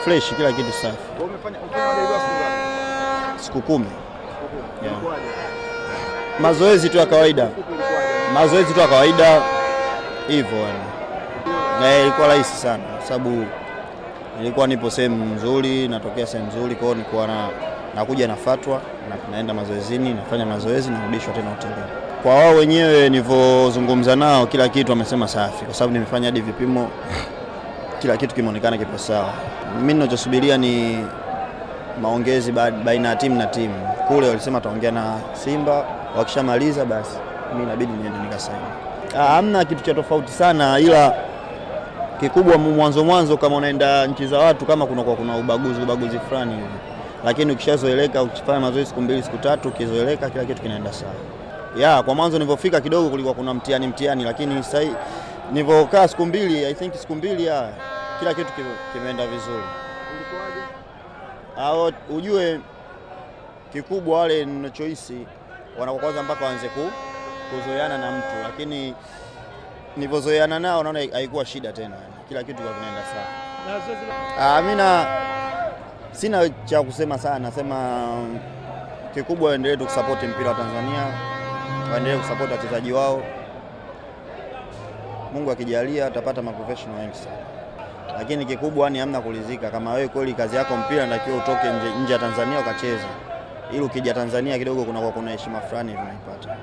fresh, kila kitu safi. Eh, siku kumi yeah. Mazoezi tu ya kawaida, mazoezi tu ya kawaida hivyo na ilikuwa rahisi sana, sababu nilikuwa nipo sehemu nzuri, natokea sehemu nzuri, kwao nilikuwa na nakuja na fatwa na naenda mazoezini, nafanya mazoezi, narudishwa tena hotelini. Kwa wao wenyewe nilivyozungumza nao, kila kitu wamesema safi, kwa sababu nimefanya hadi vipimo kila kitu kimeonekana kipo sawa. Mimi ninachosubiria ni maongezi baina ya timu na timu. Kule walisema ataongea na Simba, wakishamaliza basi mimi inabidi niende nikasaini. Ah, hamna kitu cha tofauti sana, ila kikubwa mwanzo mwanzo, kama unaenda nchi za watu, kama kwa kuna ubaguzi ubaguzi fulani hivi, lakini ukishazoeleka, ukifanya mazoezi siku mbili siku tatu, ukizoeleka, kila kitu kinaenda sawa. Ya, kwa mwanzo nilipofika kidogo kulikuwa kuna mtihani mtihani, lakini sasa nilivyokaa siku mbili, I think siku mbili ya ah, kila kitu kimeenda vizuri. Au ah, ujue kikubwa wale ninachohisi wanakokwaza mpaka waanze ku, kuzoeana na mtu, lakini nilivyozoeana nao naona haikuwa shida tena, kila kitu kinaenda sawa. Ah, mimi na sina cha kusema sana, nasema um, kikubwa waendelee tu kusapoti mpira wa Tanzania, waendelee kusapoti wachezaji wao Mungu akijalia atapata maprofessional wengi sana, lakini kikubwa ni amna kulizika. Kama wewe kweli kazi yako mpira, natakiwa utoke nje ya Tanzania ukacheze, ili ukija Tanzania kidogo kuna heshima fulani unaipata.